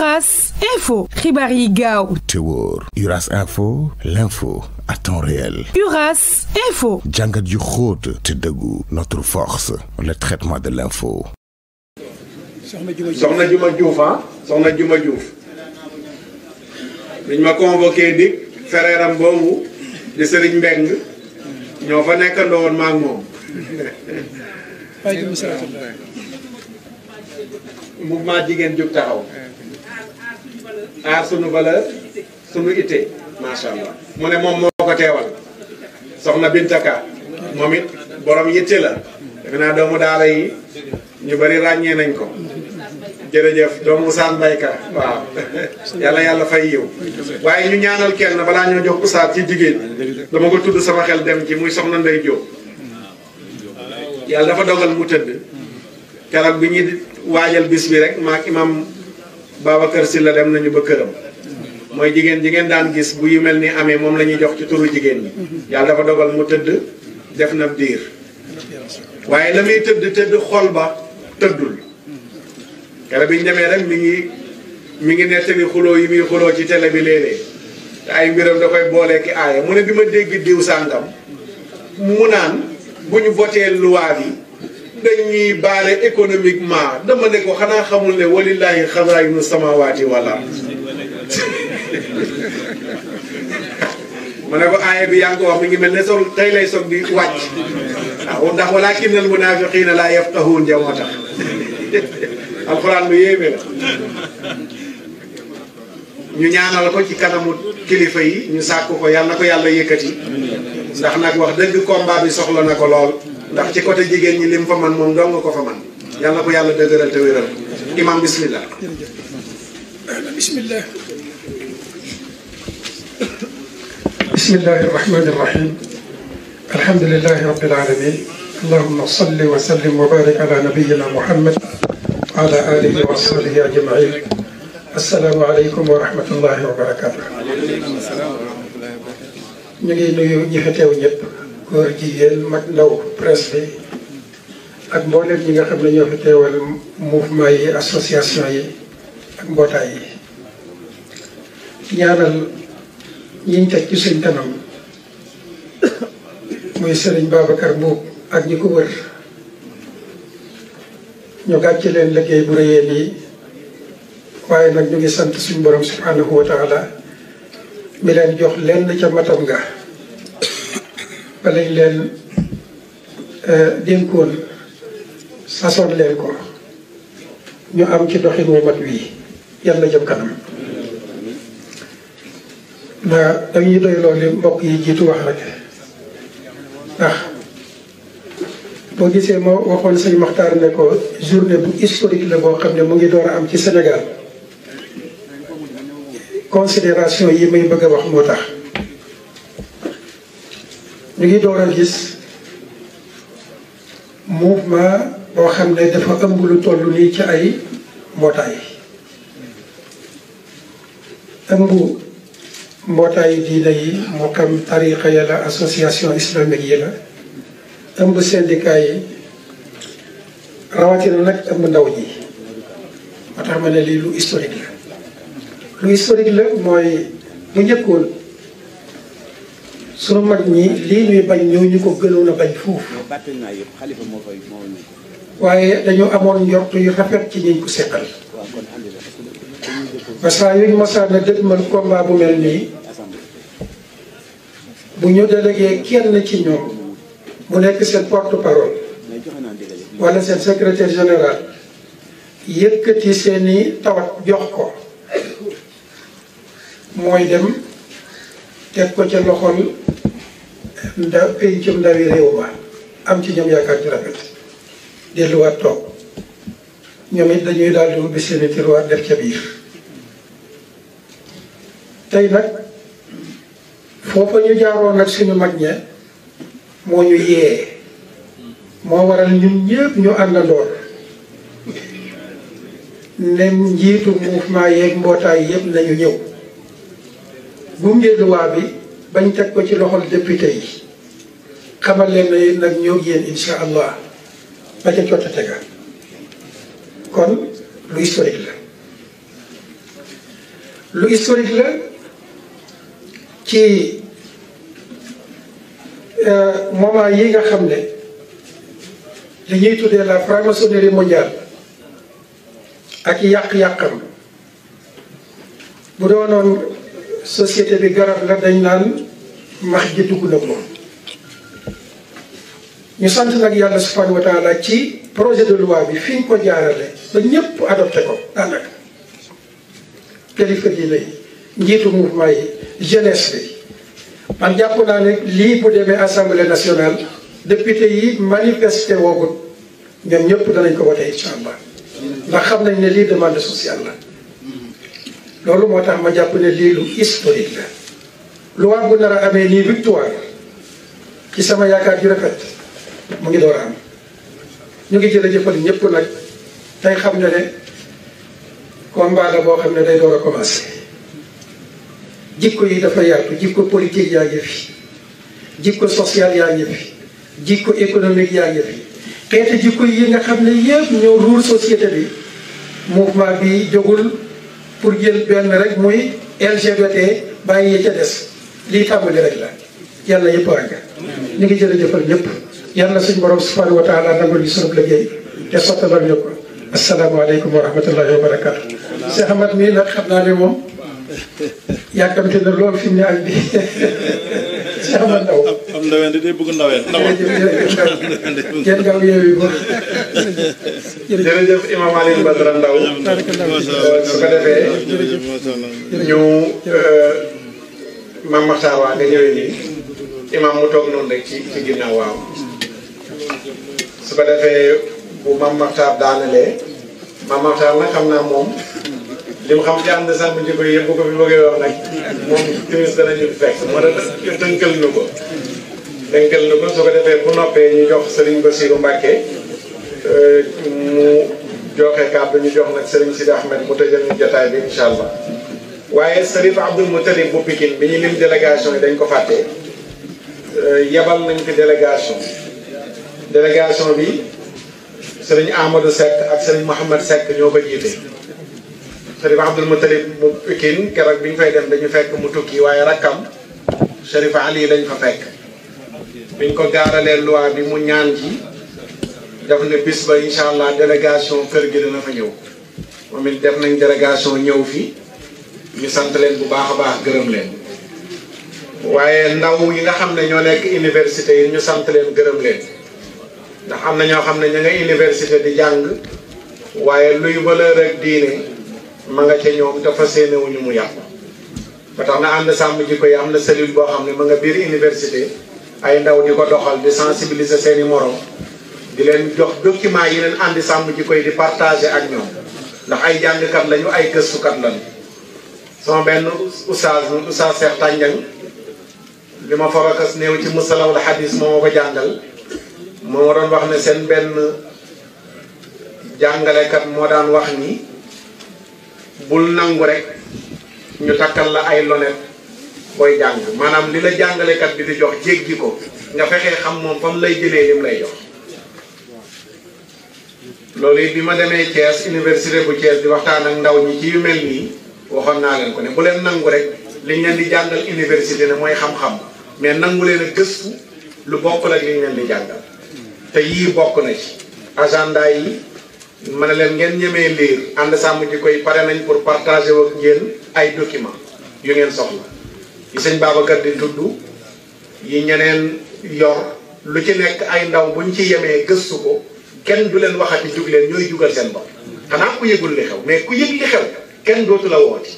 Uras Info Ribari Gao. gaaw te Uras Info l'info à temps réel Uras Info Djanga du xóot te dëggu notre force le traitement de l'info soxna Juma Diouf hein soxna Juma Diouf dañ ah? ma convoqué dig fereeram de di Serigne Mbeng ñoo fa nekkandoo woon maak moom mouvement d'Igène du taxaw aar sunu valeur sunu itte macha allah mu ne moom moo ko teewal soxna Bintaka moom it borom yitte la defe naa doomu daara yi ñu bari ràññee nañ ko jërëjëf doomu Sane Bayka waaw yàlla yàlla fay yiw waaye ñu ñaanal kenn balaa ñoo jox usaat ci jigéen dama ko tudd sama xel dem ci muy soxna Ndey Jóob yàlla dafa dogal mu tëdd keroog bi ñuy waajal bis bi rek maak imam Babacar si la dem nañu ba këram mooy jigéen ji ngeen daan gis bu yu mel ni amee moom la ñuy jox ci turu jigéen ñi yàlla dafa dogal mu tëdd def na diir waaye la tëdd tëdd xol ba tëddul kere bi ñu demee rek mi ngi mi ngi nettali xuloo yi muy xuloo ci télé bi léeg-léeg te ay mbiram dafay koy boolee ki aaya mu ne bi ma dégg diw sàngam mu naan bu ñu votee luwaa yi dañuy baale économiquement dama ne ko xanaa xamul ne walillahi xazaayinu samawaati wala ma ne ko aaya bi yaa ngi ko wax mi ngi mel ne soog tey lay soog di wàcc waaw ndax walaakinnal munaafiqiina laa yafqahuun ja moo tax alxuraan lu yéeme la ñu ñaanal ko ci kanamu kilifa yi ñu sàkk ko yàlla na ko yàlla yëkkati ndax nag wax dëgg combat bi soxla na ko lool ndax ci côté jigéen ñi lim fa man moom doo nga ko fa man yàlla na ko yàlla dëgëral te wéral imam bismillah bismillah bismillahi irrahmani irrahim alhamdulilahi rabbil alamin allahuma salli wa sallim wa barik ala nabiyina muhammad wa ala alihi wa sahbihi ajmain assalaamu aleykum wa rahmatullahi wa barakatuh ñu ngi nuyu ñi fi teew ñëpp góor jigéen mag ndaw presse bi ak mboolem ñi nga xam ne ñoo fi teewal mouvement yi association yi ak mbootaay yi ñaanal ñiñ teg ci suñ kanam muy sëriñ Babacar Mbuub ak ñi ko wër ñu gàcce leen liggéey bu rëyee nii waaye nag ñu ngi sant suñ borom subhanahu wa taala mi leen jox lenn ca matam nga ba lañ leen euh, dénkoon sasoon leen ko ñu am ci doxin wu mat wii yàlla jëm kanam ndax dañuy doy loolu mbokk yi jiitu wax rek ndax boo gisee ma waxoon sëñ Maxtaar ne ko journée bu historique la boo xam ne mu ngi door a am ci Sénégal considération yi may bëgg a wax moo tax ñu ngi door a gis mouvement boo xam ne dafa ëmb lu toll nii ci ay mbootaay ëmb mbootaay diine yi moo xam tariqa ya la association islamique yi la ëmb syndicat yi rawatina nag ëmb ndaw yi moo tax ma ne lii lu historique la lu historique la mooy bu njëkkoon sunu mag ñi lii ñuy bañ ñoo ñu ko gënoon a bañ foofu waaye dañoo amoon njort yu rafet ci ñiñ ko seqal parce que yooyu masaan na dëgmal combat bu mel nii bu ñu délégué kenn ci ñoom mu nekk seen porte parole wala seen secrétaire général yëkkati seeni tawat jox ko mooy dem teg ko ca loxol ndaw ay cëm réew ma am ci ñoom yaakaar ju ñoom dañuy daal di ubbi seeni tiroir def ca biir tey nag foofa ñu jaaroon nag suñu mag ña moo ñu yee moo waral ñun ñëpp ñu àndandoor ne njiitu mouvement yeeg mbootaay yëpp nañu ñëw gunge loi bi bañ teg ko ci loxol député yi xamal leen ne nag ñoo yéen insha allah ba ca cotta tega kon lu historique la lu historique la ci euh, moment yi nga xam ne li ñuy tuddee la franc-maçonnerie mondiale ak yàq-yàqam bu doonoon société bi garab la dañ naan max ji dugg na ko ñu sant nag yàlla subhanahu wa taala ci projet de loi bi fi ñu ko jaarale ba ñëpp adopté ko daanaka kilifa yi lay njiitu mouvement yi jeunesse bi man jàpp naa ne lii bu demee assemblée nationale député yi manifesté woogut ñoom ñëpp danañ ko wote incha ndax xam nañ ne lii demande sociale la loolu moo tax ma jàpp ne lii lu historique la loi bu nar a amee nii victoire ci sama yaakaar ju rafet mu ngi door a am ñu ngi jël a jërëjëfal ñëpp nag tey xam ne ne combat la boo xam ne day door a commencé jikko yi dafa yaatu jikko politique yaa ngi fi jikko social yaa ngi fi jikko économique yaa ngi fi xeeti jikko yi nga xam ne yëpp ñoo ruur société bi mouvement bi jógul pour jël benn rek muy LGBT bàyyi yi ca des lii tàmbali rek la yàlla yëpp àgg ñu ngi jërëjëfal ñëpp yàlla na suñu borom subhanahu wa taala nangul ñu sunu liggéey te sottalal ñu ko asalaamaaleykum wa rahmatullahi wa barakaatu. Cheikh mii nag xam naa ne moom yàkkamte na lool fi mu ne ak am ndaw am ndaween di day bëgg su ko defee ñu maam Maxtaar waa nga ñëwee nii imam mu toog noonu rek ci ci waaw su ko defee bu maam Maxtaar daanalee maam Maxtaar nag xam naa moom li mu xam ci ànd sàmm jikko yëpp ko fi bëggee wax nag moom timis danañu fekk moo tax dënkal nu ko dënkal nu ko su ko defee bu noppee ñu jox Serigne Bassirou Mbacké euh, mu joxe kàddu ñu jox nag Serigne Sidi Ahmed mu tëjal ñu jotaay bi incha allah waaye Serif Abdul Muttalib bu Pikine bi ñu lim délégation yi dañ ko fàtte euh, yebal nañ fi délégation délégation bi Serigne Amadou Seck ak Serigne Mouhamed Seck ñoo ko jiite Sharif Abdul Mutalib mu Pikine keroog bi ñu fay dem dañu fekk mu tukki waaye rakkam Sharif Ali lañ fa fekk biñ ko gaaralee loi bi mu ñaan ji def ne bis ba incha allah délégation kër gi dana fa ñëw moom it def nañ délégation ñëw fii ñu sant leen bu baax a baax gërëm leen waaye ndaw yi nga xam ne ñoo nekk université yi ñu sant leen gërëm leen ndax xam na ñoo xam ne ñu nga université di jàng waaye luy valeur ak diine ma nga ca ñoom dafa séenéwuñu mu yàqu ba tax na ànd sàmm ji yi am na cellule boo xam ne ma nga biir université ay ndaw di ko doxal di sensibiliser seeni morom di leen jox document yi leen àndi sàmm ji koy di partager ak ñoom ndax ay jàngkat lañu ay gëstukat lañu sama benn oustaz oustaz Cheikh Tandiang li ma farakas néew ci musalawul xadis moo ma ko jàngal moo ma doon wax ne seen benn jàngalekat moo daan wax ni bul nangu rek ñu takkal la ay lonet booy jàng maanaam li la jàngalekat bi di jox jéggi ko nga fexee xam moom fam lay jëlee lim lay jox loolu it bi ma demee Thiès université bu Thiès di waxtaan ak ndaw ñi ci mel nii waxoon naa leen ko ne bu leen nangu rek li leen di jàngal université ne mooy xam-xam mais nangu leen a gëstu lu bokk la liñ leen di jàngal te yii bokk na ci agenda yi ma ne leen ngeen ñemee liir ànd sàmm ji koy pare nañ pour partager ak ngeen ay document yu ngeen soxla yi sëñ Babacar di tudd yi ñeneen yor lu ci nekk ay ndaw bu ñu ci yemee gëstu ko kenn du leen yi jug leen ñooy jugal seen bopp xanaa ku yëgul li xew mais ku yëg li xew kenn dootu la wooti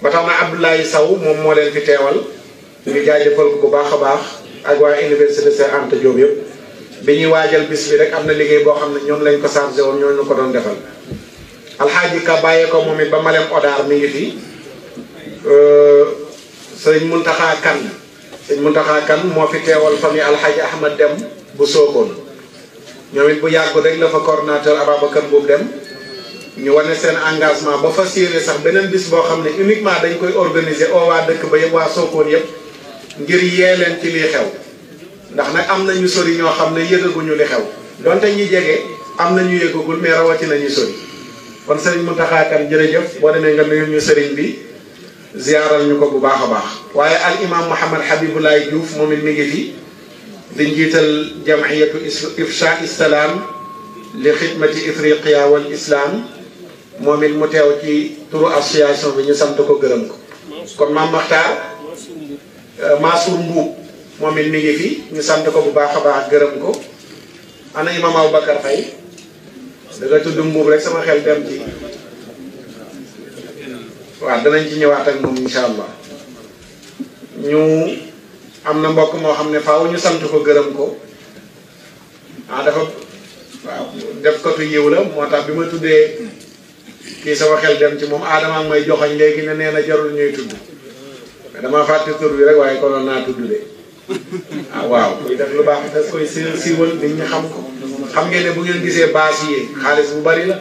ba tax na Abdoulaye saw moom moo leen fi teewal ñu jaajëfal ko bu baax a baax ak waa université see Anta Diop yëpp bi wajal bis bi rek amna liggey bo xamne xam alhaji ñoom lañ ko chargé woon ñooñu ko doon defal alxaaji ka baye ko momi ba malem odar mi ngi fi euh, sëñ muntaha kan sëñ muntaha kan mo fi teewal al alxaaji ahmad dem bu sookoon ñoomit bu yàggu rek la fa coordinateur ababakar bu dem ñu wone sen engagement ba fa sax benen bis bo xamne uniquement dañ koy organiser o wa dekk ba wa ngir ci li xew ndax nag am nañu sori ñoo xam ne yëgaguñu li xew donte ñi jege am nañu yëgagul mais rawati nañu sori kon sëriñ mu taxaa kan jërëjëf boo demee nga nuyu ñu sëriñ bi ziaral ñu ko bu baax a baax. waaye al imam Mouhamed Habiboulaye Diouf moom it mi ngi fi di njiital jamiyatu ifsha islam li xidmati ifriqia wal islaam moom it mu teew ci turu association bi ñu sant ko gërëm ko kon maam Maxtaar Mansour Mbuub momit mi ngi fi ñu sant ko bu baaxa baax gërëm ko ana imam aboubacar fay da nga tuddu mbub rek sama xel dem ci waaw danañ ci ñëwaat ak mom inshallah allah ñu amna mbokk mo xamne faaw ñu sant ko gërëm ko a ah, dafa waaw def kotu yiw la moo tax bi ma tuddee sama xel dem ci adam ak may joxañ léegi na nee na jarul ñuy tuddu dama fàtte tur bi rek waaye na tuddu de ah waaw kuy def lu baax da koy si siiwal nit ñi xam ko xam ngeen ne bu ngeen gisee baas yi xaalis bu bari la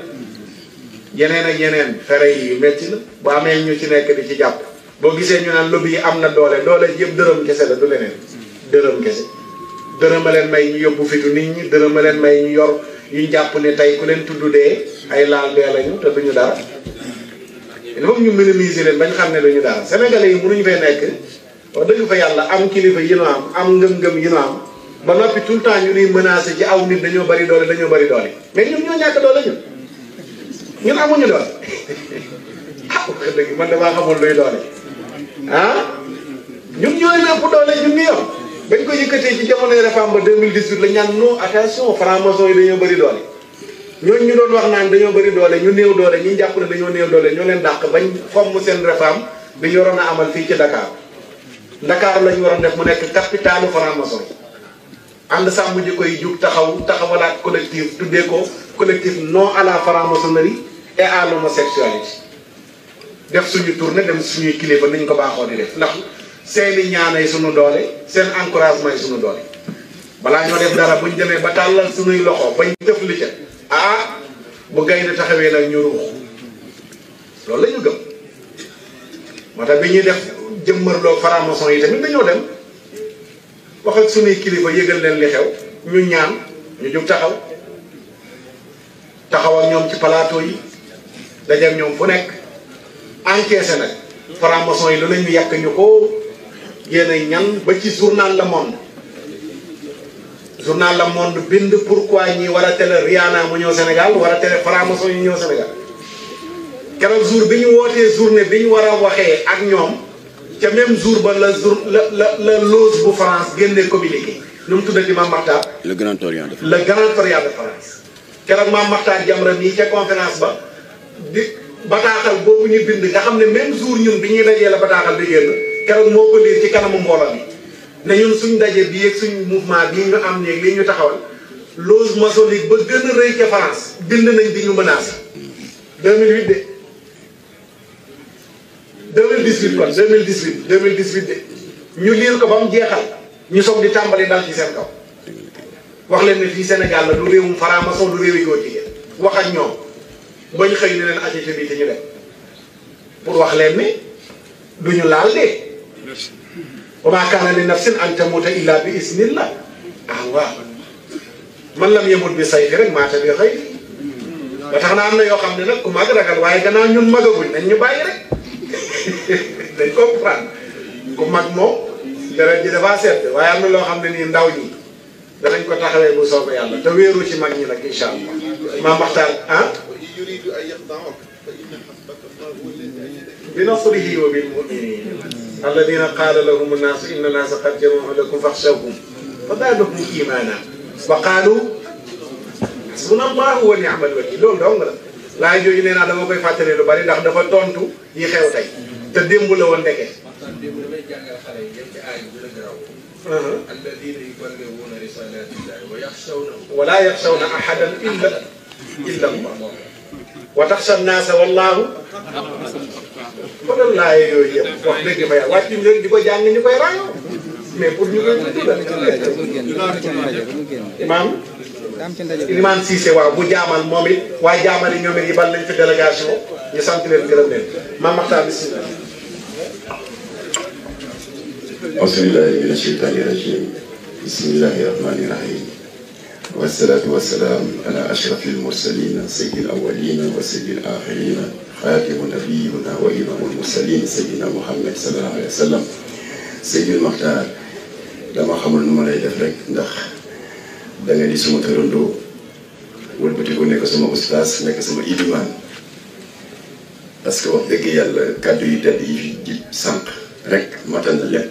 yeneen ak yeneen fere yi métti la bu amee ñu ci nekk di ci jàpp boo gisee ñu naan lobby yi am na doole doole yëpp dërëm kese la du leneen dërëm kese dërëm a leen may ñu yóbbu fitu nit ñi dërëm a leen may ñu yor ñu jàpp ne tey ku leen tudd dee ay laal dee lañu te duñu dara il faut ñu minimiser leen bañ xam ne duñu dara sénégalais yi nu ñu fee nekk wax dëgg fa yàlla am kilifa yi nu am am ngëm-ngëm yi nu am ba noppi tout le temps ñu nuy menacé ci aw nit dañoo bari doole dañoo bari doole mais ñun ñoo ñàkk doole ñun ñun amuñu doole ah wax dëgg man damaa xamul luy doole ah ñun ñoo leen doole ñu yor bañ ko yëkkatee ci jamonoy réforme ba 2018 la ñaan non a franc-maçon yi dañoo bari doole ñooñu ñu doon wax naa naan dañoo bari doole ñu néew doole ñi jàpp ne dañoo néew doole ñoo leen dàq bañ fomm seen réforme bi ñu waroon a amal fii ci Dakar ndakaaru la ñu waroon def mu nekk capitalu franc-maçon ànd sàmm ji koy jug taxaw taxawalaat collectif tuddee ko collectif non à la franc-maçonnerie et à l'homosexualité def suñu tournée dem suñuy kilifa niñ ko baaxoo di def ndax seeni yi suñu doole seen encouragement yi suñu doole balaa ñoo def dara buñ demee ba tàllal suñuy loxo bañ def li ah bu gaynde taxawee nag ñu ruux loolu la gëm moo tax bi ñuy def jëmmarloo franc-maçon yi tamit dañoo dem wax ak sunuy kilifa yëgal leen li xew ñu ñaan ñu jóg taxaw taxaw ñoom ci plateau yi dajeeg ñoom fu nekk encaissé nag franc yi lu nañu yàq ñu ko génne ñan ba ci journal Le Monde journal Le Monde bind pourquoi ñi war a télé Rihanna mu ñëw Sénégal war a télé yi ñëw Sénégal keroog jour bi ñu wootee journée bi ñu war waxee ak ñoom ca même jour ba la jour la la la loge bu France génne communiqué nu mu tuddati Mame Makhtar. le grand orient de France le grand orient de France. keroog Mame Makhtar Jamra mii ca conférence ba di boobu ñu bind nga xam ne même jour ñun bi ñuy dajee la bataaxal bi génn keroog moo ko liir ci kanamu mbooloo bi ne ñun suñ daje bii ak suñ mouvement bii ñu am néeg lii ñu taxawal loge maçonnique ba gën a rëy ca France bind nañ di ñu menacé 2008 mm-hmm. 2018 kon 2018 2018 de ñu liir ko ba mu jeexal ñu soog di tàmbali dal ci seen kaw wax leen ne fii Sénégal la du réewum faramason du réewi góor jigéen wax ak ñoom bañ xëy ne leen activité bi te ñu dem pour wax leen ne du ñu laal dee wa maa kaana li nafsin an tamuuta illaa bi isnillah ah waaw man lam yemut bi sayfi rek maata bi xëy ba tax na am na yoo xam ne nag ku mag ragal waaye gannaaw ñun magaguñ nañ ñu bàyyi rek. dañ comprendre ku mag moom dara ji dafa seet waaye am na loo xam ne nii ndaw ñi danañ ko taxawee bu soobee ma te wéeru ci mag ñi nag incha allah maam waxtaan ah bi nasrihi wa bil muminin alladina qaala lahum annaasu inna naasa qad jamau lakum faxshawhum fa zaadahum imaana wa qaalu xasbuna allahu wa ni'mal wakiil loolu dong la laay jooju nee naa dama koy fàttali lu bari ndax dafa tontu yi xew tey te démb la woon ndeke. Uh-huh. wala yaxshawna ahadan illa illa allah wa taxsha naasa wallaahu kon laay yooyu yëpp wax dëgg fa yàlla wàcc leen di ko jàng ñu koy raayoo mais pour ñu koy tudd la. maam. Imane Cissé waaw bu jaamal moom it waaye jaamal yi من الشيطان الرجيم بسم الله الرحمن الرحيم والصلاة والسلام على أشرف المرسلين سيد الأولين وسيد الآخرين خاتم نبينا وإمام المرسلين سيدنا محمد صلى الله عليه وسلم سيد المختار لما xamul nu ma da nga di sama tërandoo wëlbati ko nekk sama ustaas nekk suma ilimaan parce que wax dëgg yàlla kàddu yi tedd yi ji sànq rek matal na lépp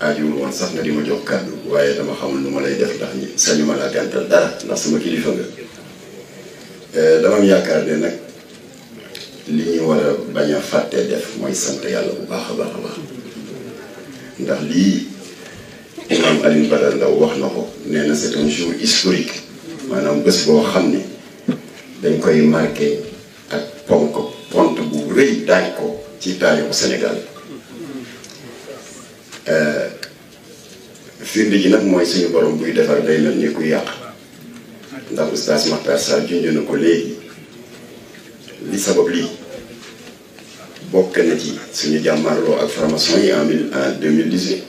aajowul woon sax nga di ma jox kàddu waaye dama xamul nu ma lay def ndax ñi sañu ma laa gàntal dara ndax sama kilifa nga euh, dama yaakaar ne nag li ñu war a bañ a def mooy sant yàlla bu baax a baax a baax ndax lii imam Alioune Badara Ndao wax na ko nee na c'est un jour historique maanaam bés boo xam ne dañ koy marqué ak ponk pont bu rëy daaj ko ci taarixu Sénégal euh, firnde ji nag mooy suñu borom buy defar day mel ni ku yàq ndax oustaz Makhtar Sarr junj na ko léegi li sabab lii bokk na ci suñu jàmmarloo ak formation yi en mille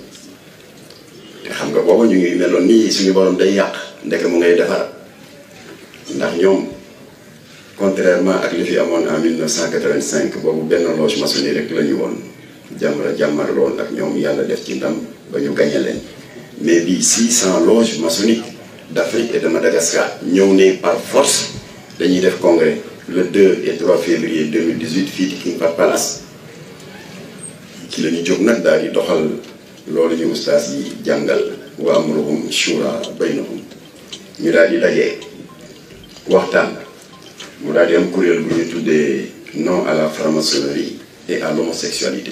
xam nga booba ñu ngi meloon nii suñu borom day yàq ndeke mu ngay defar ndax ñoom contrairement ak li fi amoon en 1985 boobu benn loge maçonnique rek la ñu woon jàmbara jàmmarloo woon ak ñoom yàlla def ci ndam ba ñu gagné leen mais bii 600 loge loges maçonniques d'Afrique et de Madagascar ñëw ne par force dañuy def congrès le 2 et 3 février 2018 fii ci King Palace ci la ñu jóg nag daal di doxal loolu ñu ustaas yi jàngal wa amruhum shura baynahum ñu daal di dajee waxtaan mu daal di am kuréel bu ñu tuddee non à la franc-maçonnerie et à l'homosexualité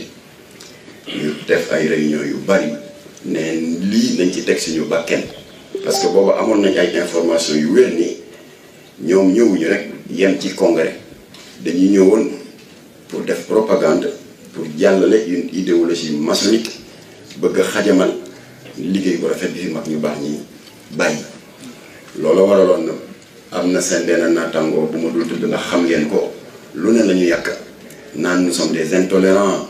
ñu def ay réunion yu bari ne lii nañ ci teg suñu bàkken parce que boobu amoon nañ ay information yu wér ni ñoom ñëwuñu rek yem ci congrès dañuy ñëwoon pour def propagande pour jàllale une idéologie maçonnique bëgg xajamal liggéey bu rafet bi fi mag ñu baax ñi bàyyi loola waraloon na am na seen benn nattangoo bu ma dul tudd ndax xam ngeen ko lu ne la ñu yàq naan nous sommes des intolérants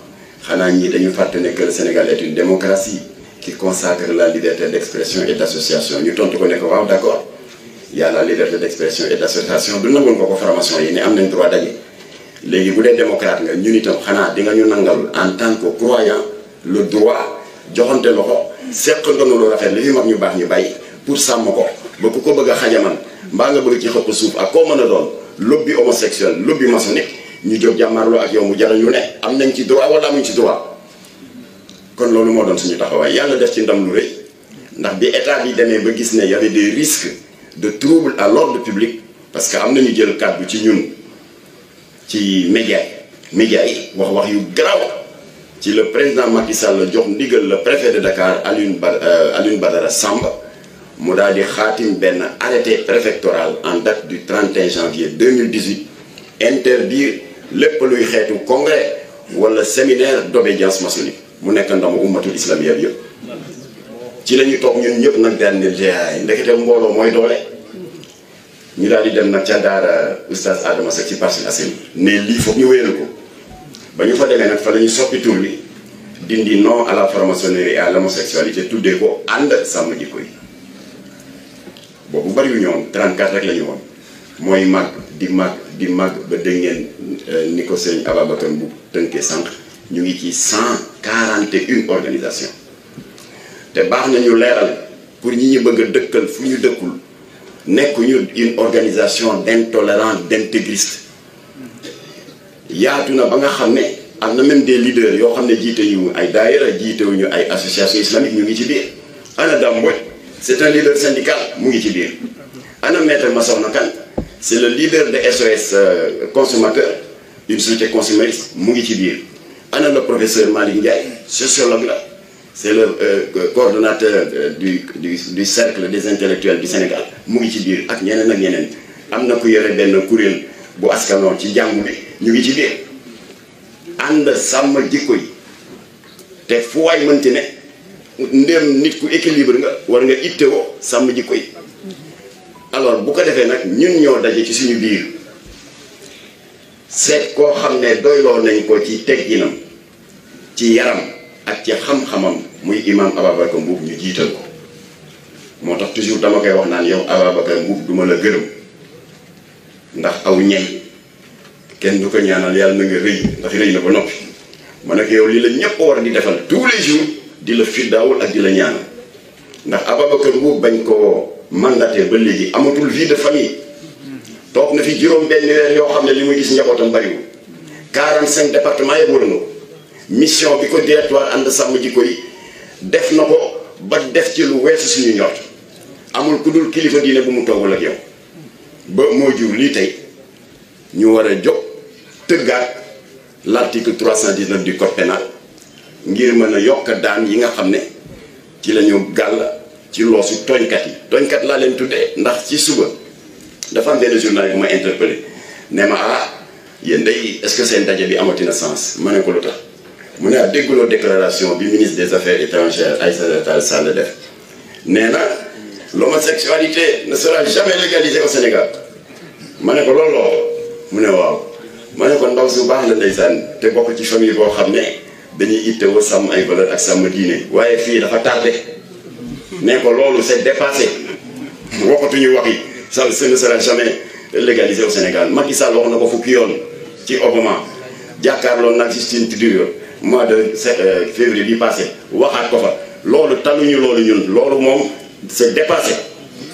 xanaa ñii dañu fàtte ne que le Sénégal est une démocratie qui consacre la liberté expression et association ñu tontu ko ne ko waaw d'accord y a la liberté expression et association du nangul ko ko formation yi ne am nañ droit daje léegi bu dee démocrate nga ñun itam xanaa di nga ñu nangal en tant que croyant le droit joxante loxo seq nga nu lu rafet li fi mag ñu bax ñu bàyyi pour sam ko ba ku ko bëgg xajaman nga bëgg ci xop suuf ak ko mëna doon lobby homosexuel lobby maçonnique ñu jóg jamarlo ak yow mu jaral ñu ne am nañ ci droit wala amuñ ci droit kon lolu mo doon suñu taxaway yalla def ci ndam lu reuy ndax bi état bi démé ba gis né y des risques de trouble à l'ordre public parce que am nañu jël cadre ci ñun ci média média yi wax wax yu grave ci le président Macky Sall la jox ndigal le préfet de Dakar Alioune euh, Badara Samba mu daal di xaatim arrêté préfectoral en date du 31 janvier 2018 interdire lépp luy xeetu congrès wala séminaire d'obédience maçonnique mu nekk ndamu ummatul islamiyya yëpp ci la ñu toog ñun ñëpp nag daan ne GIE ndekete mbooloo mooy doole ñu daal di dem nag ca daara oustaz Adama Seck ci Parcelles que nous lii foog ñu wéyal ko bañu fa demee nag fa lañu soppi tour bi dindi non à la franc-maçonnerie et à l'homosexualité tuddee ko ànd sàmm jikko yi boobu bëriwuñu woon 34 rek lañu ñu woon mooy màgg di mag di mag ba dégg ngeen euh, ni ko sëñ bu tënkee sànq ñu ngi ci 141 organisations. té baax nañu léral pour ñi ñi bëgg a dëkkal fu ñu dëkkul ñu une organisation d'intolérance d'intégriste yaatu na ba nga xam ne même des leaders yo xamné ne ñu ay daïra daayira jiitewuñu ay association islamique ñu ngi ci biir ana Dame boy c'est un leader syndical mu ngi ci biir ana Maître Massokhna Kane c'est le leader de SOS euh, consommateur une société consumériste mu ngi ci biir ana le professeur Malick Ndiaye sociologue là, c'est le euh, coordonnateur euh, du du du cercle des intellectuels du Sénégal mu ngi ci biir ak ñeneen ak ñeneen amna na ku yore benn bu askano ci jangou bi ñu ngi ci biir ànd sàmm jikko yi te fu waay mënti ne ndéem nit ku équilibre nga war nga ittewoo sàmm jikko yi alors bu ko defee nag ñun ñoo daje ci suñu biir seet koo xam ne doyloo nañ ko ci teg tegginam ci yaram ak ci xam-xamam muy imam ko mbub ñu jiital ko moo tax toujours dama koy wax naan yow Ababacar Mboup duma la gërëm ndax aw ñey ken du ko ñaanal yalla na nga reuy ndax reuy na ko nopi ma ne yow li la ñepp war di defal tous les jours di la firdaawul ak di la ñaan ndax ababakar buub bañ ko mandaté ba légui amatul vie de famille tok na fi juróom benn weer yo xamné ne gis muy bari wu 45 département yëpp wër mission bi ko directoire and sam ji koy def nako ba def ci lu wess suñu ñort amul ku dul kilifa diine bu mu toogul ak yow ba mo jur li tay ñu wara jox tëggaat l'article 319 du code pénal ngir mën a yokk daan yi nga xam ne ci la ñu gàll ci loosu tooñkat yi tooñkat laa leen tuddee ndax ci suba dafa am benn journal bu ma interpellé ne ma ah yéen day est-ce que seen daje bi amatina sens ma ne ko lu tax mu ne ab ah, déclaration bi ministre des affaires étrangères Aïssata Tall Sall def nee na l'homosexualité ne sera jamais légalisé au Sénégal ma ne ko looloo mu ne waaw ma ne ko ndaw su baax la ndeysaan te bokk ci famille boo xam ne dañuy ittewoo sàmm ay valeur ak sàmm diine waaye fii dafa tardé ne ko loolu c'est dépassé waxatuñu wax yi ça ce ne sera jamais légalisé au Sénégal Macky Sall wax na ko fukki yoon ci Obama jàkkaarloon nag Justine Trudeau mois de euh, février bi passé waxaat ko fa loolu ñu loolu ñun loolu moom c'est dépassé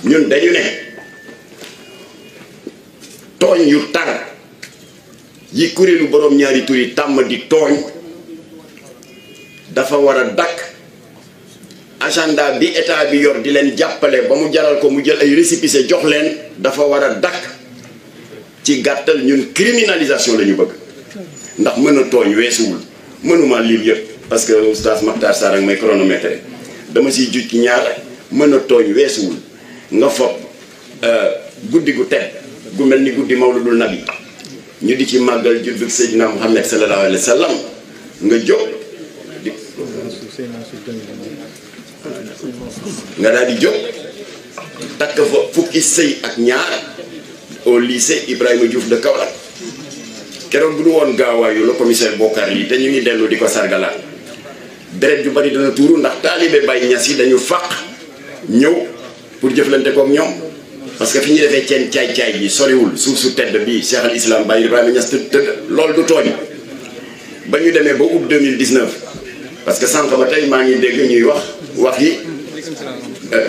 ñun dañu ne tooñ yu tar yi kuréelu borom ñaari tur yi tàmm di tooñ dafa war a dakk agenda bi état bi yor di leen jàppale ba mu jaral ko mu jël ay récépissé jox leen dafa war a dakk ci gàttal ñun criminalisation la ñu bëgg ndax mën a tooñ weesuwul mënuma lim yëpp parce que oustaz Makhtar Sarr ak may chronomètre dama siy juj ci ñaar mën a tooñ weesuwul nga fopp euh, guddi gu teg gu mel ni guddi nag nabi ñu di ci màggal juddug Seydina Muhammad sallallahu alayhi nga jóg nga daal di jóg takk fa fukki sëy ak ñaar au lycée Ibrahima Diouf de Kaolack keroog bu du woon gaawaayu la commissaire Bokar yi te ñu ngi dellu di ko sargalaat deret ju bari dana tuuru ndax taalibe Baye Niass yi dañu fàq ñëw pour jëflante kook ñoom parce que fi ñu defee ceen caay-caay bi soriwul suuf su tedd bi Cheikh al Islam Baye Ibrahima Niass tëdd loolu du tooñ ba ñu demee ba août 2019 parce que sànq ba tey maa ngi dégg ñuy wax wax yi eh,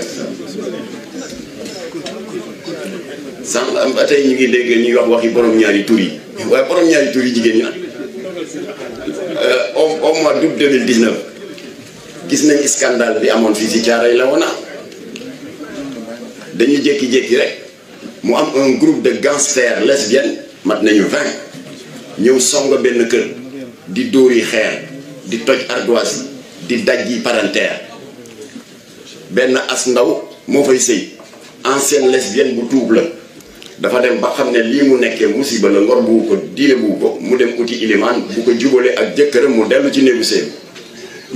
sànq ba tey ñu ngi dégg ñuy wax wax yi borom ñaari tur yi waaye borom ñaari tur yi jigéen ñi eh, au au mois d'août 2019 gis nañ scandale bi amoon fii si yi la woon ah. dañuy jékki-jékki rek mu am un groupe de gangsters lesbiennes mat nañu vingt ñëw songo benn kër di dóor yi xeer di toj ardoise yi di daj yi parentère benn as ndaw moo fay sëy ancienne lesbienne bu tuub la dafa dem ba xam ne lii mu nekkee musiba la ngor bu ko diine bu ko mu dem uti ilimaan bu ko jubalee ak jëkkëram mu dellu ci néegu seen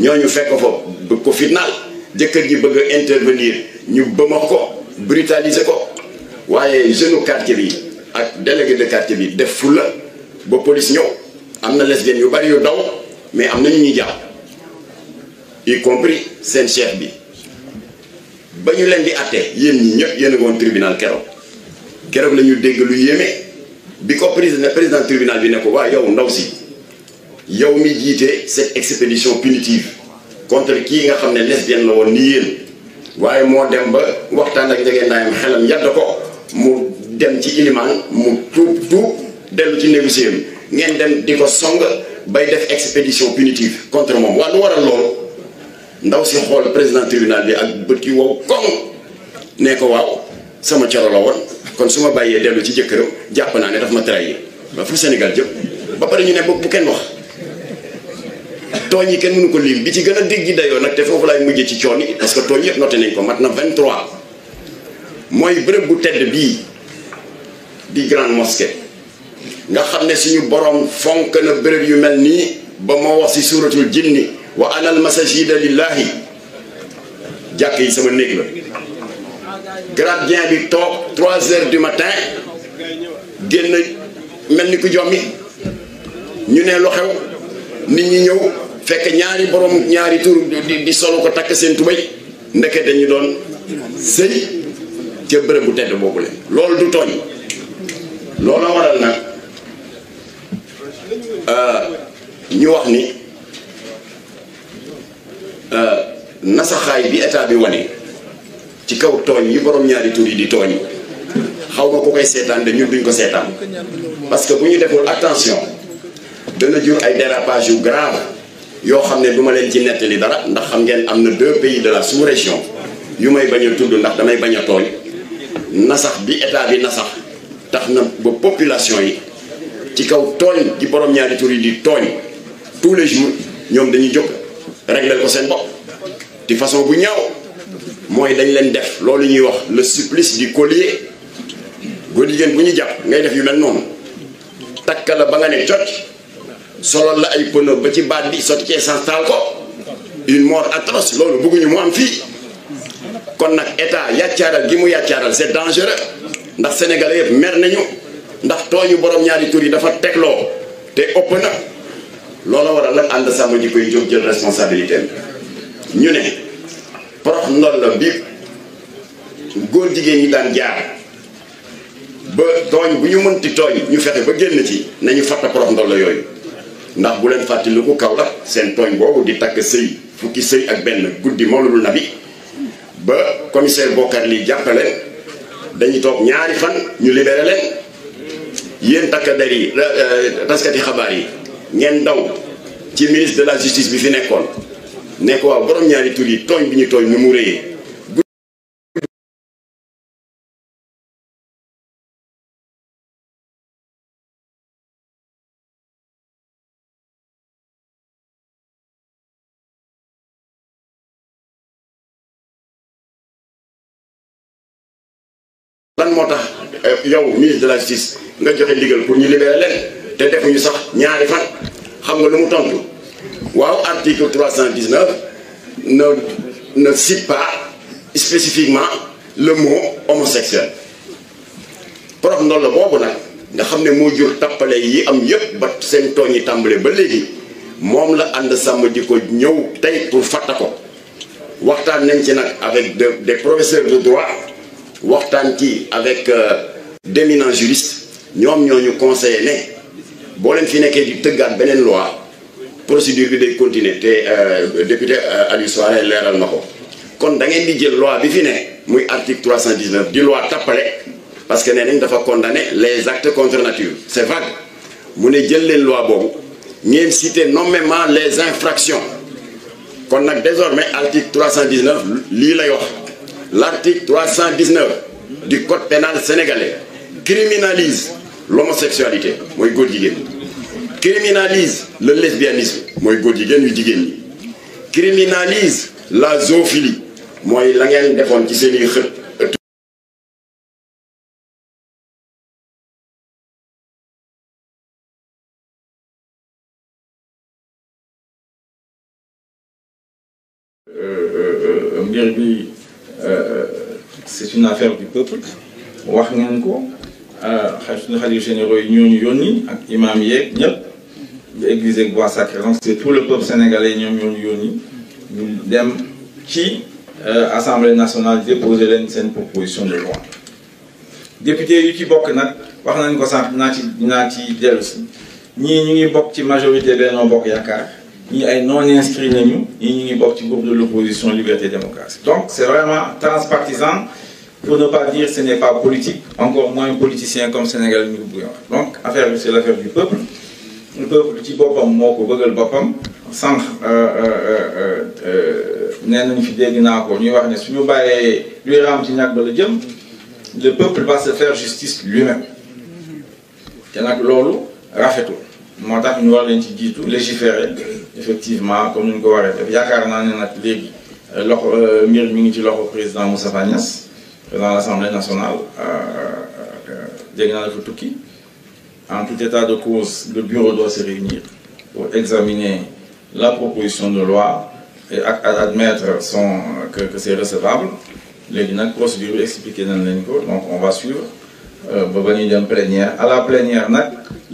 ñooñu fekk foofu bëgg ko fi naal jëkkër gi bëgg intervenir ñu bëma ko brutaliser ko waye jeune quartier bi ak délégué de quartier bi def fula bo police ñëw amna na lesbiennes yu bari yu daw mais amna na ñu ñuy jàpp y compris sen chef bi bañu ñu di atté yeen ñi ñëpp yéen tribunal keroog keroog lañu dégg lu yéeme bi ko président président tribunal bi neko wa yow ndaw si yow mi jité cette expédition punitive contre kii nga xamné ne lesbienne la woon ni yéen waaye moo dem ba waxtaan ak njegeen naayam xelam yadd ko mu dem ci ilimaan mu tuub tuub dellu ci négocier bi ngeen dem di ko song bay def expédition punitive contre moom waa lu waral loolu ndaw si xool président tribunal bi ak bët yu wow koŋ ne ko waaw sama coro la woon kon su ma bàyyee dellu ci jëkkëram jàpp naa ne daf ma trahir ba Sénégal jëm ba pare ñu ne bu kenn wax tooñ yi kenn mënu ko lii bi ci gën a dégg dayoo nag te foofu laay mujjee ci coon yi parce que tooñ yëpp noté nañ ko mat na 23 mooy bërëb bu tedd bii di grande mosquée nga xam ne suñu borom fonk na bërëb yu mel nii ba moo wax si suuratul jinni wa anal de lillahi jàkk yi sama néeg la gardien bi toog 3 heures du matin génn mel ni ku jommi ñu ne lu nit ñi ñëw fekk ñaari borom ñaari tur di di ko takk seen tubay ndeke dañu doon sëy ca bërëb bu tedd boobu leen loolu du tooñ loolu waral nag euh, ñu wax ni euh, nasaxaay bi état bi wane ci kaw tooñ yi borom ñaari tur yi di tooñ xaw ma ku koy seetaan de ñun duñ ko seetaan parce que bu ñu deful attention dana jur ay dérapage yu grave yo xamné ne du leen ci nettali dara ndax xam ngeen am na deux pays de la sous-région yu may baña a tudd ndax damay bañ a tooñ nasax bi état bi nasax taxna bo population yi ci kaw tooñ di borom ñaari tour yi di tooñ tous les jours ñom dañuy jóg régler ko seen bopp di façon bu ñaaw moy dañ leen def lolu ñuy wax le supplice du collier góor jigéen bu ñu japp ngay def yu mel non takka la ba nga ne cocc solo la ay pono ba ci bandi soti ci central ko une mort atroce loolu ñu mo am fi kon nak état yaccaral gi mu yaccaral c'est dangereux ndax sénégalais yëpp mer nañu ndax toñu borom ñaari turi yi dafa teklo té ëpp na lolu waral nag and sàmm ji koy jóg jël responsabilité ñu né prof ndol la bi goor jigéen yi daan jaar ba toñ bu ñu mënti toñ ñu fexé ba génn ci nañu fatta prof ndol la ndax bu leen fàttaliku kaw la seen tooñ boobu di takk sëy fukki sëy ak benn guddi mawludul bi ba commissaire Bokar lii jàppale dañuy toog ñaari fan ñu libéré leen yéen takk der yi euh, taskati xabaar yi ngeen daw ci ministre de la justice bi fi nekkoon ne ko waaw borom ñaari tur yi tooñ bi ñu tooñ nu mu réyee yow ministre de la justice nga joxe ndigal pour ñu libérer leen def ñu sax ñaari fan xam nga lu mu tontu waaw article 319 ne ne cite pas spécifiquement le mot homosexuel prof la bobu nak nga xam mo moo jur tappale yi am yépp ba seen tooñ yi tàmbale ba légui mom la and sàmm di ko ñew tay pour fatako waxtaan nañ ci nak avec des professeurs de droit waxtaan ci avec euh, d'éminents juristes nous avons ñu conseillé si nous leen fi loi procédure de continuer euh, député euh, Ali Soare leeral na ko kon da ngeen loi bi fi ne article 319 la loi tapale, parce que nous avons condamné les actes contre nature c'est vague Nous avons jël une loi nous avons cité nommément les infractions kon désormais article 319 l'article 319 du code pénal sénégalais criminalise l'homosexualité criminalise le lesbianisme criminalise la zoophilie moi je ngeen euh, euh, euh, c'est une affaire du peuple wax ngeen ko ah, xay suñu xalif généraux yi ñu yónni ak imam yeeg ñëpp bu église ak bois sacré donc c'est tout le peuple sénégalais ñoom ñu yónni ñu dem ci euh, assemblée nationale déposer leen seen proposition de loi député yu ci bokk nag wax nañ ko sànq naa ci naa ci dellu si ñii ñu ngi bokk ci majorité Benno Bokk Yaakaar ñii ay non inscrits nañu ñii ñu ngi bokk ci groupe de l'opposition Liberté Démocratie donc c'est vraiment transpartisan pour ne pas dire ce n'est pas politique, encore moins un politicien comme Sénégal ñu bu donc affaire c'est l'affaire du peuple le peuple ci boppam moo ko bëggal boppam sànq euh, euh, euh, nee nañu fi dégg naa ko ñuy wax ne suñu bàyyee luy raam ci jëm le peuple va se faire justice lui-même te nag loolu rafetul moo tax ñu war tout. ci jiitu légiférer effectivement comme ni ñu ko waree def yaakaar naa ne nag léegi loxo mbir mi ngi ci président Moustapha Niasse dans l'Assemblée nationale de l'Union de tukki en tout état de cause le bureau doit se réunir pour examiner la proposition de loi et admettre son que que c'est recevable Les procédures procédure expliquée dans l'enco. donc on va suivre Euh, ba d'une plénière à la plénière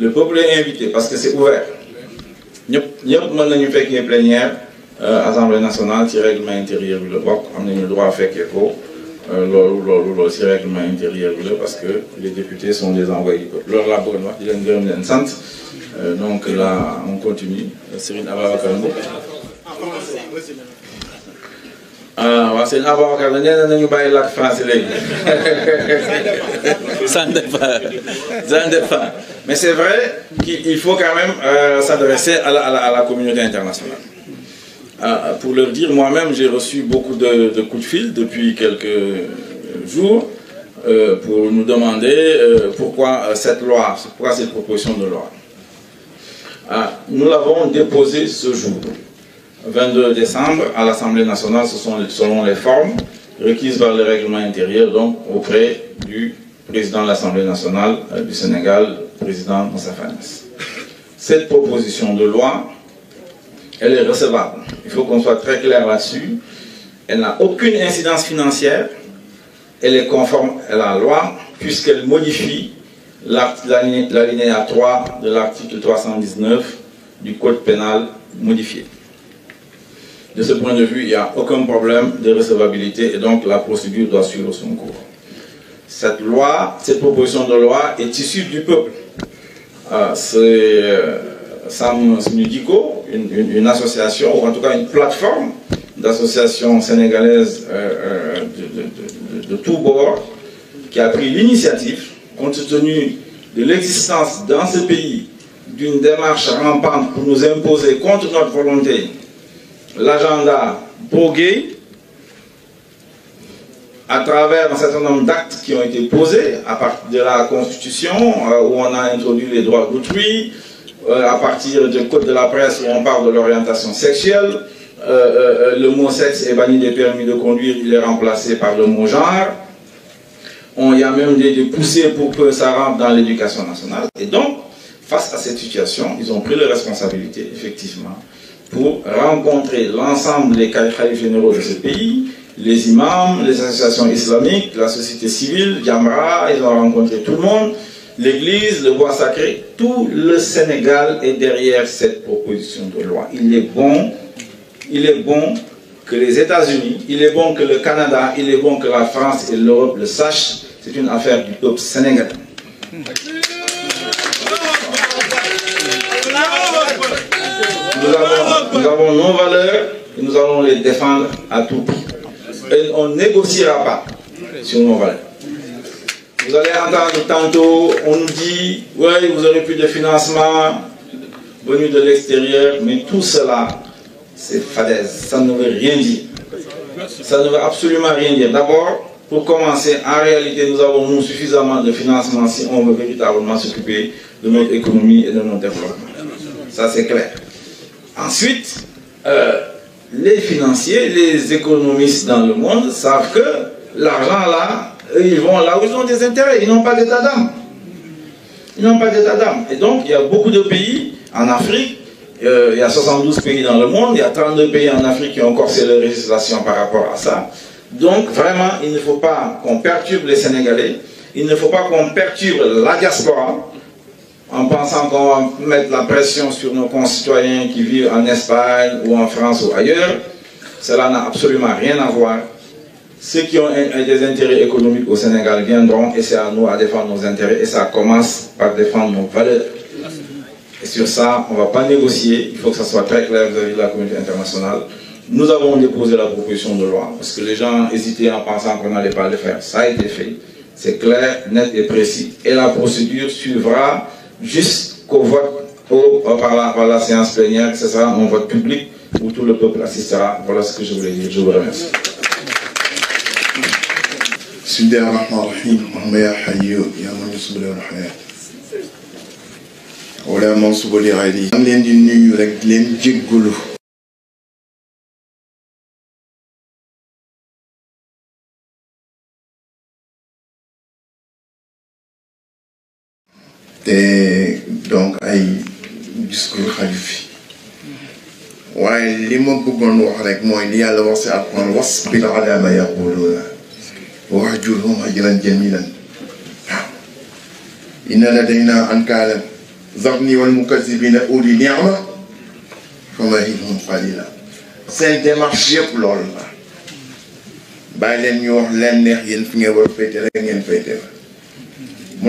le peuple est invité parce que c'est ouvert de ñëpp mën faire une plénière euh, assemblée nationale règle règlement intérieur le bloc, On a le droit à faire quelque chose. Euh, loolu loolu règlement intérieur parce que les députés sont des envoyés du peuple loolu euh, donc là on continue Serine Ababacar ah waaw Serigne Ababacar nee na nañu bàyyi làkk français léegi ça ne dépend ça ne dépend mais c'est vrai qu'il faut quand même euh, s'adresser à à la communauté internationale ah, pour leur dire, moi-même, j'ai reçu beaucoup de, coups de fil depuis quelques jours euh, pour nous demander euh, pourquoi euh, cette loi, pourquoi cette proposition de loi. Ah, nous l'avons déposée ce jour, 22 décembre, à l'Assemblée nationale, ce sont, selon les formes requises par le règlement intérieur, donc auprès du président de l'Assemblée nationale du Sénégal, président Moussa Cette proposition de loi elle est recevable. Il faut qu'on soit très clair là-dessus. Elle n'a aucune incidence financière. Elle est conforme à la loi puisqu'elle modifie l'alinéa 3 de l'article 319 du Code pénal modifié. De ce point de vue, il n'y a aucun problème de recevabilité et donc la procédure doit suivre son cours. Cette loi, cette proposition de loi est issue du peuple. Euh, c'est... Euh, SAM MUDICO, une, association, ou en tout cas une plateforme d'associations sénégalaises euh, euh, de, tous bords, qui a pris l'initiative, compte tenu de l'existence dans ce pays d'une démarche rampante pour nous imposer contre notre volonté l'agenda bogué à travers un certain nombre d'actes qui ont été posés à partir de la Constitution, euh, où on a introduit les droits d'autrui, euh, à partir du code de la presse où on parle de l'orientation sexuelle. Euh, euh, le mot sexe est banni des permis de conduire, il est remplacé par le mot genre. On y a même des, poussées pour que ça rentre dans l'éducation nationale. Et donc, face à cette situation, ils ont pris les responsabilités, effectivement, pour rencontrer l'ensemble des califs généraux de ce pays, les imams, les associations islamiques, la société civile, Yamra, ils ont rencontré tout le monde l'Église, le bois sacré, tout le Sénégal est derrière cette proposition de loi. Il est bon, il est bon que les États-Unis, il est bon que le Canada, il est bon que la France et l'Europe le sachent. C'est une affaire du peuple sénégalais. Nous avons, nous avons nos valeurs et nous allons les défendre à tout prix. Et on ne négociera pas sur nos valeurs. Vous allez entendre tantôt, on nous dit, oui, vous aurez plus de financement venu de l'extérieur, mais tout cela, c'est falaise. Ça ne veut rien dire. Ça ne veut absolument rien dire. D'abord, pour commencer, en réalité, nous avons suffisamment de financement si on veut véritablement s'occuper de notre économie et de notre développement. Ça, c'est clair. Ensuite, euh, les financiers, les économistes dans le monde savent que l'argent là, ils vont là où ils ont des intérêts. Ils n'ont pas d'état d'âme. Ils n'ont pas d'état d'âme. Et donc, il y a beaucoup de pays en Afrique, euh, il y a 72 pays dans le monde, il y a 32 pays en Afrique qui ont corsé leur législation par rapport à ça. Donc, vraiment, il ne faut pas qu'on perturbe les Sénégalais, il ne faut pas qu'on perturbe la diaspora en pensant qu'on va mettre la pression sur nos concitoyens qui vivent en Espagne ou en France ou ailleurs. Cela n'a absolument rien à voir ceux qui ont des intérêts économiques au Sénégal viendront et c'est à nous à défendre nos intérêts et ça commence par défendre nos valeurs. Et sur ça, on ne va pas négocier, il faut que ça soit très clair vis-à-vis de la communauté internationale. Nous avons déposé la proposition de loi parce que les gens hésitaient en pensant qu'on n'allait pas le faire. Ça a été fait, c'est clair, net et précis. Et la procédure suivra jusqu'au vote euh, par, la, séance plénière, ce sera mon vote public où tout le peuple assistera. Voilà ce que je voulais dire. Je vous remercie. bismillaahi li ghayri am leen di te donc ay discours xaju waaye li ma bëggoon wax rek mooy yàlla wax si alxuraan wasbir alaa maa yaquluuna واهجرهم هجرا جميلا نعم. ان لدينا انكالا ظني والمكذبين اولي نعمه فمهلهم قليلا سنت مارشي بلول باي لين يوخ لين نيه يين فيغا وور فيتي رك نين فيتي با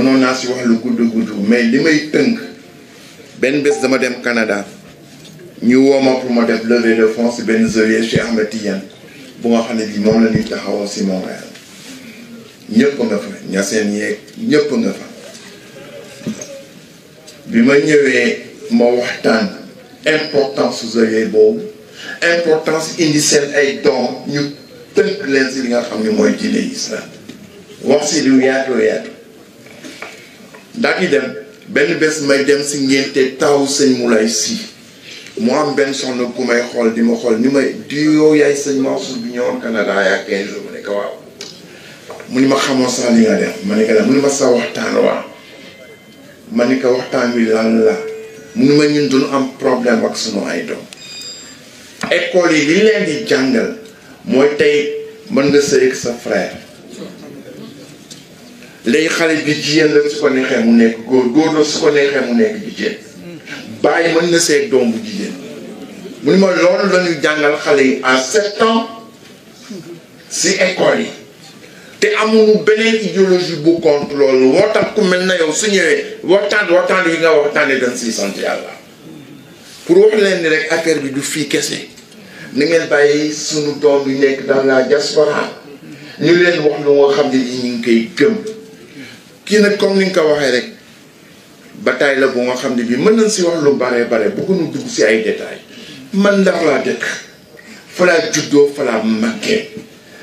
منو ناس يوخ لو غودو مي لي مي بن بس دما ديم كندا ني ووما بو ما ديف ليفي دو بن زوليه شي احمد تيان بوغا خاني لي موم لا ني تخاو سي مونريال ñëpp nga fa ñaseen yeeg ñëpp nga fa bi ma ñëwee ma waxtaan importance oeillet boobu importance indi seen ay doom ñu tënk leen si li nga xam ni mooy diine islam wax si lu yaatu yaatu ndax yi dem benn bés may dem si ngénte taw sëñ mu lay si mu am benn soxna ku may xool di ma xool ni may di yow yaay sëñ Mansour bi ñëwoon Canada yaa 15 jours mu ne waaw mu ni ma xamoo sax li nga def ma mu ni ma sa waxtaan waa ma ne ko waxtaan wi lan la mu ni ma ñun duñu am problème ak sunu ay doom école yi li leen di jàngal mooy tey mën nga sëy ak sa frère léegi xale bi jigéen la su ko neexee mu nekk góor góor la su ko neexee mu nekk jigéen bàyyi mën na sëy ak doom bu jigéen mu ni ma loolu lañuy jàngal xale yi en sept ans si école yi te amuñu beneen idéologie bu contre loolu moo tax ku mel na yow su ñëwee waxtaan waxtaan yi nga waxtaanee dañ si sant yàlla pour wax leen ni rek affaire bi du fii kese ni ngeen bàyyi sunu doom yi nekk dans la diaspora ñu leen wax lu nga xam ne ñu ngi koy gëm kii nag comme ni nga ko waxee rek bataille la bu nga xam ne bii mën nañ si wax lu bare bare bëgguñu dugg si ay détails man ndax laa dëkk falaa laa juddoo fa laa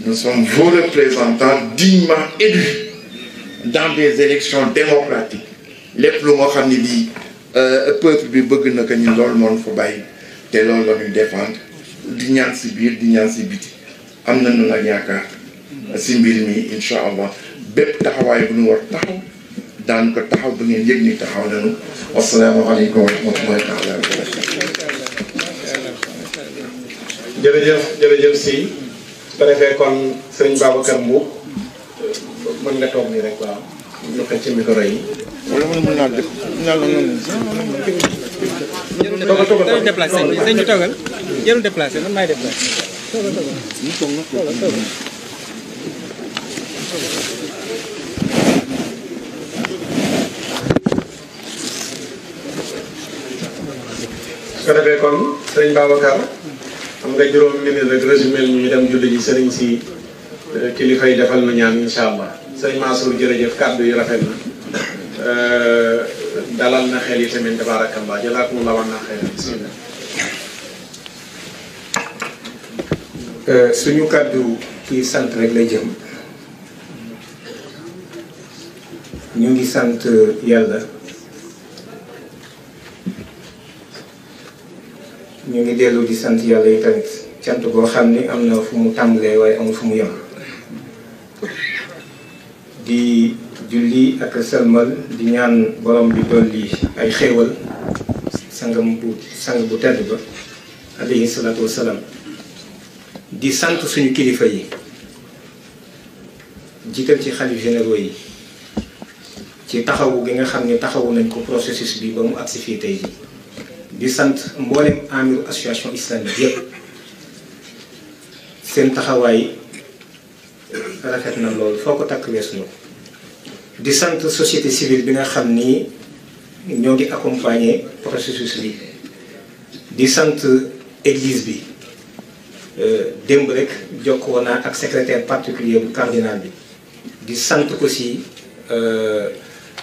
Nous sommes vos représentants dignement élus dans des élections démocratiques. Les lu moo xam ne euh, peuple bi bëgg na que ñu loolu moom fa bàyyi te loolu la défendre di ñaan si biir di ñaan si biti am na nu nag yaakaar si mi incha allah bépp taxawaay bu ñu war taxaw daan ko taxaw ba ngeen yëg ni taxaw wa rahmatullahi taala wa barakatu jërëjëf si su ko defee kon sëriñ Babacar Mbuub mën nga toog nii rek waaw ñu ko ci micro yi. wala mën naa def naa la noonu. toogal toogal jarul déplacé sëñ bi toogal jarul déplacé man maay déplacé. toogal toogal toogal. su ko defee kon sëriñ Babacar. xam nga juróom minute rek résumé ñu ñu dem julli ji sëriñ si euh, kilifa yi defal nu ñaan incha allah sëriñ Mansour jërëjëf kàddu yi rafet na euh, dalal na xel yi tamit tabarakallah jazaakumullah wan naa xel bismillah euh, suñu kàddu ci sant rek lay jëm ñu ngi sant yàlla ñu ngi delloo di sant yàlla yi tamit cant boo xam ni am na fu mu tàmbalee waaye amul fu mu yem di julli ak sëlmal di ñaan borom bi dolli ay xéewal sangam bu sang bu tedd ba alayhi salaatu wasalaam di sant suñu kilifa yi jiital ci xalif généraux yi ci taxawu gi nga xam ne taxawu nañ ko processus bi ba mu agsi fii tey jii di sant mboolem Amir association islamique yépp seen taxawaay rafet na lool foo ko takk wees di sant société civile bi nga xam ni ñoo ngi accompagner processus bi di sant église bi euh, démb rek jokkoo naa ak secrétaire particulier bu cardinal bi di sant aussi euh,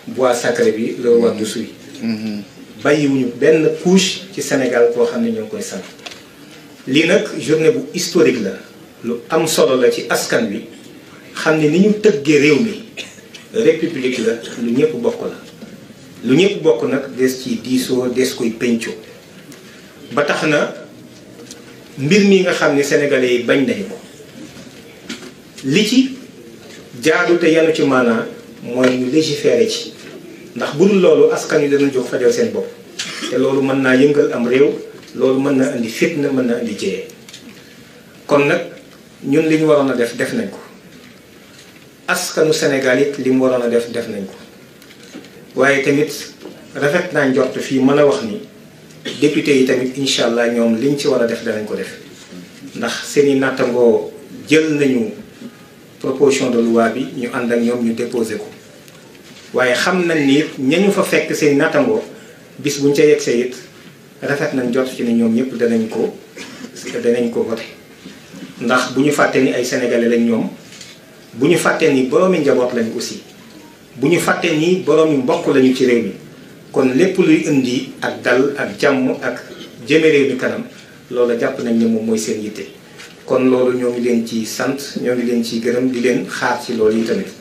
bois sacré bi le roi de Souy mm-hmm. bàyyiwuñu benn couche ci Sénégal koo xam ne ñoo koy sant lii nag journée bu historique la lu am solo la ci askan wi xam ne ni ñu tëggee réew mi république la lu ñëpp bokk la lu ñëpp bokk nag des ci diisoo des koy penco ba tax na mbir mi nga xam ne sénégalais yi bañ nañu ko li ci jaadu te yanu ci maanaa mooy ñu légiférer ci ndax bu dul loolu askan yi dana jóg fajal seen bopp te loolu mën naa yëngal am réew loolu mën na indi fitna mën na indi jiyee kon nag ñun li ñu waroon a def def nañ ko askanu Sénégal it li mu waroon a def def nañ ko waaye tamit rafet naa njort fii mën a wax ni député yi tamit incha allah ñoom liñ ci war a def danañ ko def ndax seeni nattangoo jël nañu proposition de loi bi ñu ànd ak ñoom ñu déposé ko. waaye xam na ni ñañu fa fekk seen nattangoo bis buñ ca yegsee rafet nañ jot ci ne ñoom ñëpp danañ ko danañ ko voté ndax bu ñu fàttee ni ay sénégalais lañ ñoom bu ñu fàtte ni boroomi njaboot lañ aussi bu ñu fàtte ni boroomi mbokk lañu ci réew mi kon lépp luy indi ak dal ak jàmm ak jëme réew kanam loola jàpp nañ ne moom mooy seen yitte kon loolu ñoo ngi leen ci sant ñoo ngi leen ci gërëm di leen xaar ci loolu yi tamit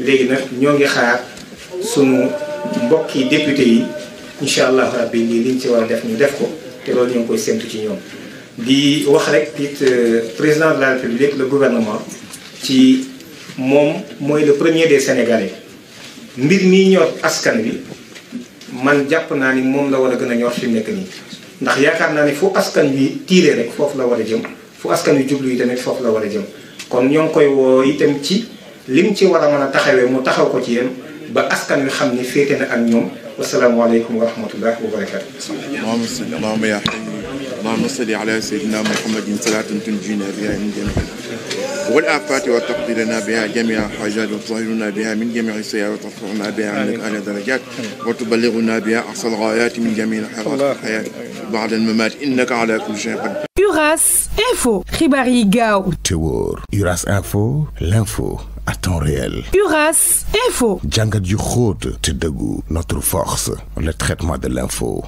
léegi nag ñoo ngi xaar sunu mbokki député yi incha allah rabbi lii liñ ci war a def ñu def ko te loolu ñu ngi koy séntu ci ñoom. di wax rek it euh, président de la république le gouvernement ci moom mooy le premier des sénégalais mbir mi ñor askan wi man jàpp naa ni moom la war a gën a ñor fi mu nekk nii. ndax yaakaar naa ne fu askan wi tiiree rek foofu la war a jëm fu askan wi jublu yi tamit foofu la war a jëm kon ñoo ngi koy woo itam ci. lim ci war a mën a taxawee mu taxaw ko ci yéen ba askan wi xam ni féete na ak ñoom wasalaamualeykum wa rahmatullahi wa barakatu allahuma ya allahuma salli ala sayidina muhammadin salatan tunjina biha min jamiil والآفات وتقضي لنا بها جميع الحاجات وتطهرنا بها من جميع السيئات وترفعنا بها عندك أعلى درجات وتبلغنا بها أقصى الغايات من جميع حرات الحياة بعد الممات إنك على كل شيء قدير Uras Info xibaar yi gaaw te wóor Uras Info l'info à temps réel. URAS Info. Django du te Notre force, le traitement de l'info.